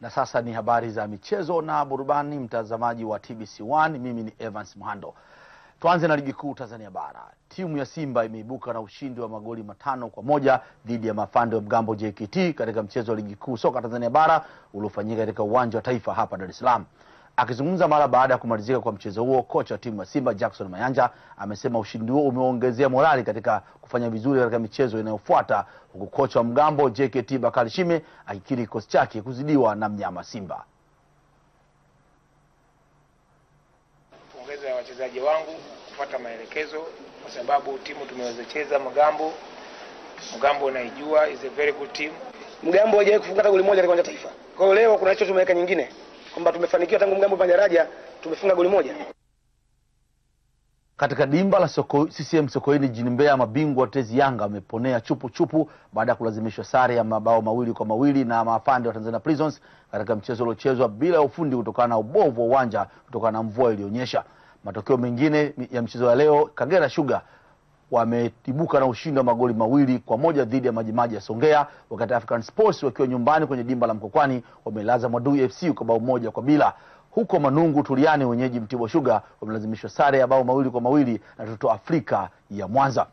Na sasa ni habari za michezo na burubani mtazamaji wa TBC1. Mimi ni Evans Mhando. Tuanze na ligi kuu Tanzania bara. Timu ya Simba imeibuka na ushindi wa magoli matano kwa moja dhidi ya Mafando ya Mgambo JKT katika mchezo wa ligi kuu soka Tanzania bara uliofanyika katika uwanja wa Taifa hapa Dar es Salaam. Akizungumza mara baada ya kumalizika kwa mchezo huo, kocha wa timu ya Simba Jackson Mayanja amesema ushindi huo umeongezea morali katika kufanya vizuri katika michezo inayofuata, huku kocha wa mgambo JKT Bakari Shime akikiri kikosi chake kuzidiwa na mnyama Simba. Pongeza wachezaji wangu kupata maelekezo, kwa sababu timu tumeweza cheza Mgambo. Mgambo naijua, is a very good team. Mgambo hajawahi kufunga hata goli moja katika taifa. Kwa hiyo leo kuna hicho tumeweka nyingine kwamba tumefanikiwa tangu mgambo fanya raja tumefunga goli moja katika dimba la soko, CCM Sokoine jijini Mbeya, mabingwa tezi Yanga wameponea chupu chupu baada ya kulazimishwa sare ya mabao mawili kwa mawili na maafande wa Tanzania Prisons katika mchezo uliochezwa bila ya ufundi kutokana na ubovu wa uwanja kutokana na mvua iliyonyesha. Matokeo mengine ya mchezo wa leo, Kagera Sugar wametibuka na ushindi wa magoli mawili kwa moja dhidi ya Majimaji ya Songea, wakati African Sports wakiwa nyumbani kwenye dimba la Mkokwani wamelaza Mwadui FC kwa bao moja kwa bila. Huko Manungu Turiani, wenyeji Mtibwa Sugar wamelazimishwa sare ya bao mawili kwa mawili na Toto Afrika ya Mwanza.